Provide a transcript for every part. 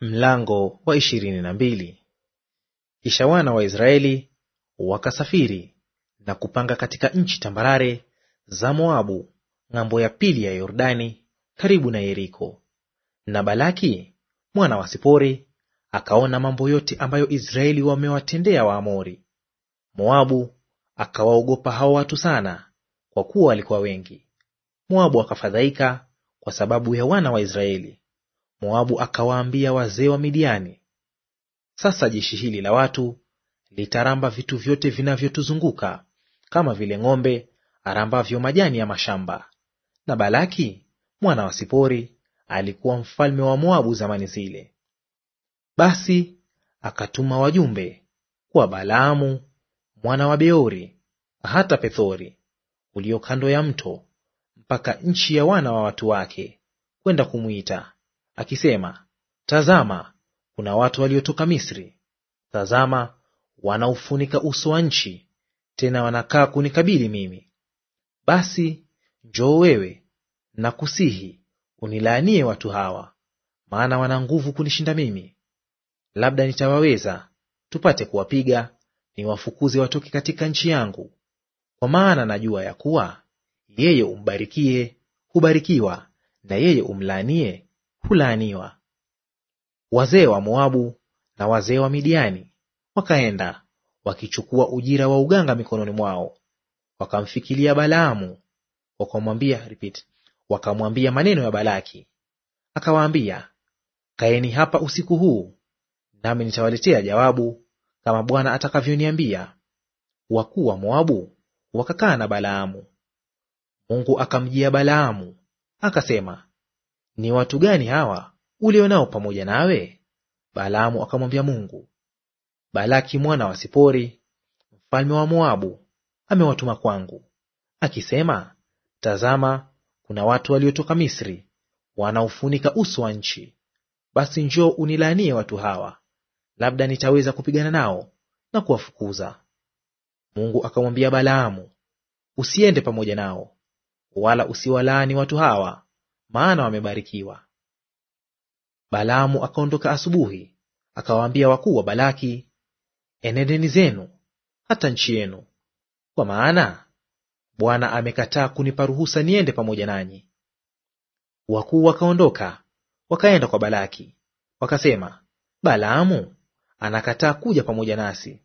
Mlango wa ishirini na mbili. Kisha wana wa Israeli wakasafiri na kupanga katika nchi tambarare za Moabu ng'ambo ya pili ya Yordani karibu na Yeriko. Na Balaki mwana wa Sipori akaona mambo yote ambayo Israeli wamewatendea Waamori. Moabu akawaogopa hao watu sana, kwa kuwa walikuwa wengi. Moabu akafadhaika kwa sababu ya wana wa Israeli. Moabu akawaambia wazee wa Midiani, sasa jeshi hili la watu litaramba vitu vyote vinavyotuzunguka kama vile ng'ombe arambavyo majani ya mashamba. Na Balaki mwana wa Sipori alikuwa mfalme wa Moabu zamani zile. Basi akatuma wajumbe kwa Balaamu mwana wa Beori hata Pethori ulio kando ya mto mpaka nchi ya wana wa watu wake, kwenda kumwita akisema, Tazama, kuna watu waliotoka Misri; tazama, wanaufunika uso wa nchi, tena wanakaa kunikabili mimi. Basi njoo wewe, nakusihi, unilaanie watu hawa, maana wana nguvu kunishinda mimi. Labda nitawaweza tupate kuwapiga, niwafukuze watoke katika nchi yangu. Kwa maana najua ya kuwa yeye umbarikie hubarikiwa, na yeye umlaanie kulaaniwa. Wazee wa Moabu na wazee wa Midiani wakaenda wakichukua ujira wa uganga mikononi mwao, wakamfikilia Balaamu, wakamwambia repeat, wakamwambia maneno ya Balaki. Akawaambia, kaeni hapa usiku huu, nami nitawaletea jawabu kama Bwana atakavyoniambia. Wakuu wa Moabu wakakaa na Balaamu. Mungu akamjia Balaamu akasema, ni watu gani hawa ulio nao pamoja nawe? Balaamu akamwambia Mungu, Balaki mwana wa Sipori, mfalme wa Moabu, amewatuma kwangu akisema, tazama, kuna watu waliotoka Misri wanaofunika uso wa nchi. Basi njoo unilaanie watu hawa, labda nitaweza kupigana nao na kuwafukuza. Mungu akamwambia Balaamu, usiende pamoja nao, wala usiwalaani watu hawa, maana wamebarikiwa. Balaamu akaondoka asubuhi, akawaambia wakuu wa Balaki, enendeni zenu hata nchi yenu, kwa maana Bwana amekataa kunipa ruhusa niende pamoja nanyi. Wakuu wakaondoka wakaenda kwa Balaki, wakasema, Balaamu anakataa kuja pamoja nasi.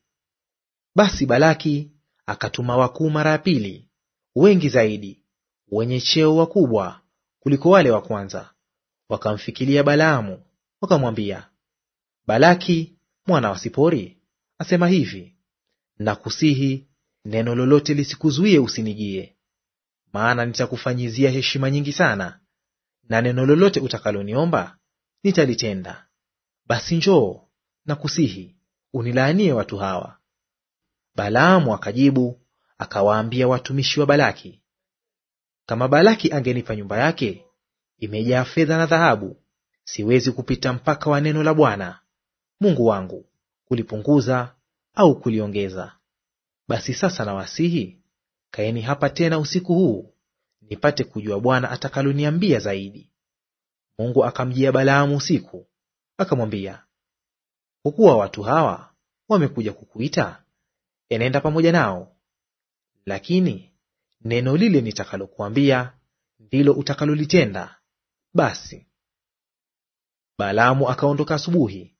Basi Balaki akatuma wakuu mara ya pili, wengi zaidi, wenye cheo wakubwa kuliko wale wa kwanza. Wakamfikilia Balaamu wakamwambia, Balaki mwana wa Sipori asema hivi, nakusihi neno lolote lisikuzuie usinijie, maana nitakufanyizia heshima nyingi sana, na neno lolote utakaloniomba nitalitenda. Basi njoo nakusihi, unilaanie watu hawa. Balaamu akajibu akawaambia watumishi wa Balaki, kama Balaki angenipa nyumba yake imejaa fedha na dhahabu, siwezi kupita mpaka wa neno la Bwana Mungu wangu kulipunguza au kuliongeza. Basi sasa nawasihi, kaeni hapa tena usiku huu, nipate kujua Bwana atakaloniambia zaidi. Mungu akamjia Balaamu usiku, akamwambia, kwa kuwa watu hawa wamekuja kukuita, enenda pamoja nao, lakini neno lile nitakalokuambia ndilo utakalolitenda. Basi Balaamu akaondoka asubuhi,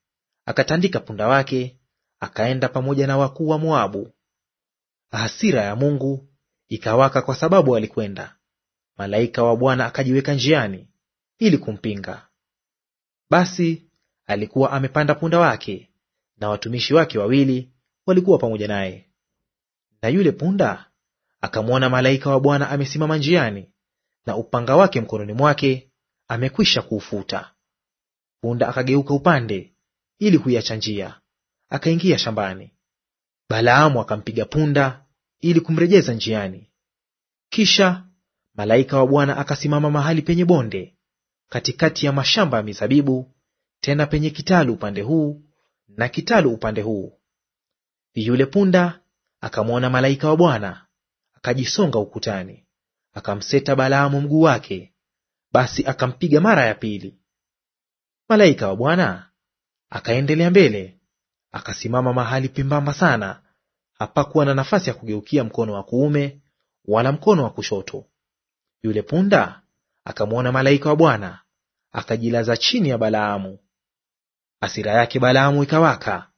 akatandika punda wake, akaenda pamoja na wakuu wa Moabu. Hasira ya Mungu ikawaka kwa sababu alikwenda. Malaika wa Bwana akajiweka njiani ili kumpinga. Basi alikuwa amepanda punda wake, na watumishi wake wawili walikuwa pamoja naye. Na yule punda akamwona malaika wa Bwana amesimama njiani, na upanga wake mkononi mwake amekwisha kuufuta. Punda akageuka upande ili kuiacha njia, akaingia shambani. Balaamu akampiga punda ili kumrejeza njiani. Kisha malaika wa Bwana akasimama mahali penye bonde katikati ya mashamba ya mizabibu, tena penye kitalu upande huu na kitalu upande huu. Yule punda akamwona malaika wa Bwana akajisonga ukutani, akamseta Balaamu mguu wake, basi akampiga mara ya pili. Malaika wa Bwana akaendelea mbele, akasimama mahali pembamba sana, hapakuwa na nafasi ya kugeukia mkono wa kuume wala mkono wa kushoto. Yule punda akamwona malaika wa Bwana, akajilaza chini ya Balaamu. Hasira yake Balaamu ikawaka,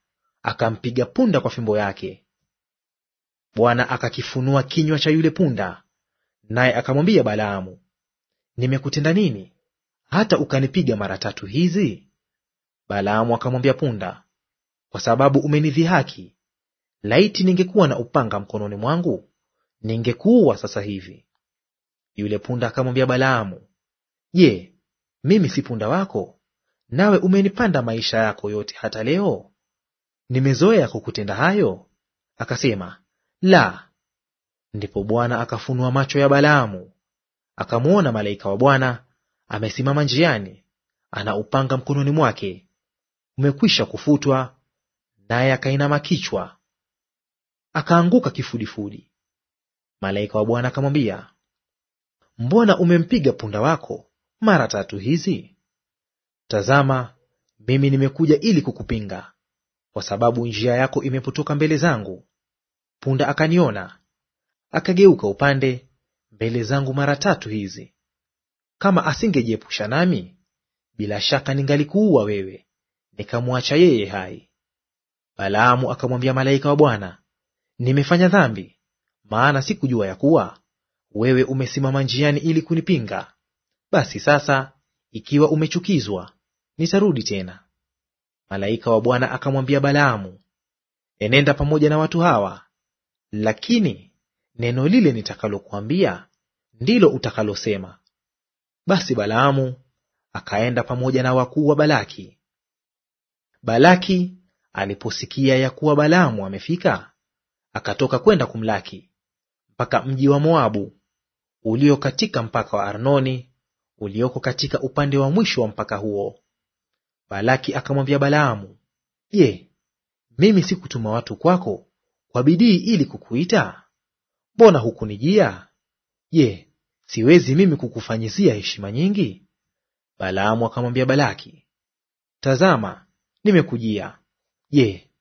akampiga punda kwa fimbo yake. Bwana akakifunua kinywa cha yule punda, naye akamwambia Balaamu, nimekutenda nini hata ukanipiga mara tatu hizi? Balaamu akamwambia punda, kwa sababu umenidhihaki. Laiti ningekuwa na upanga mkononi mwangu, ningekuua sasa hivi. Yule punda akamwambia Balaamu, je, mimi si punda wako, nawe umenipanda maisha yako yote hata leo? Nimezoea kukutenda hayo. Akasema, la! Ndipo Bwana akafunua macho ya Balaamu, akamwona malaika wa Bwana amesimama njiani, ana upanga mkononi mwake umekwisha kufutwa, naye akainama kichwa, akaanguka kifudifudi. Malaika wa Bwana akamwambia, mbona umempiga punda wako mara tatu hizi? Tazama, mimi nimekuja ili kukupinga, kwa sababu njia yako imepotoka mbele zangu, Punda akaniona akageuka upande mbele zangu mara tatu hizi. Kama asingejiepusha nami, bila shaka ningalikuua wewe, nikamwacha yeye hai. Balaamu akamwambia malaika wa Bwana, nimefanya dhambi, maana sikujua ya kuwa wewe umesimama njiani ili kunipinga. Basi sasa, ikiwa umechukizwa, nitarudi tena. Malaika wa Bwana akamwambia Balaamu, enenda pamoja na watu hawa lakini neno lile nitakalokuambia ndilo utakalosema. Basi Balaamu akaenda pamoja na wakuu wa Balaki. Balaki aliposikia ya kuwa Balaamu amefika, akatoka kwenda kumlaki mpaka mji wa Moabu ulio katika mpaka wa Arnoni ulioko katika upande wa mwisho wa mpaka huo. Balaki akamwambia Balaamu, Je, mimi sikutuma watu kwako kwa bidii ili kukuita? Mbona hukunijia? Je, siwezi mimi kukufanyizia heshima nyingi? Balaamu akamwambia Balaki, tazama, nimekujia. Je,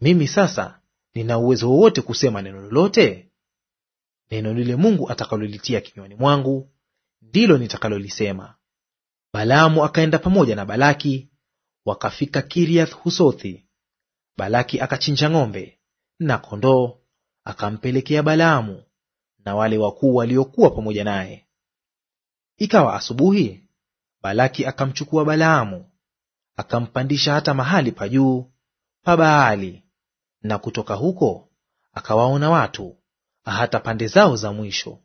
mimi sasa nina uwezo wowote kusema neno lolote? Neno lile Mungu atakalolitia kinywani mwangu ndilo nitakalolisema. Balaamu akaenda pamoja na Balaki, wakafika Kiriath Husothi. Balaki akachinja ng'ombe na kondoo, akampelekea Balaamu na wale wakuu waliokuwa pamoja naye. Ikawa asubuhi, Balaki akamchukua Balaamu akampandisha hata mahali pa juu pa Baali, na kutoka huko akawaona watu hata pande zao za mwisho.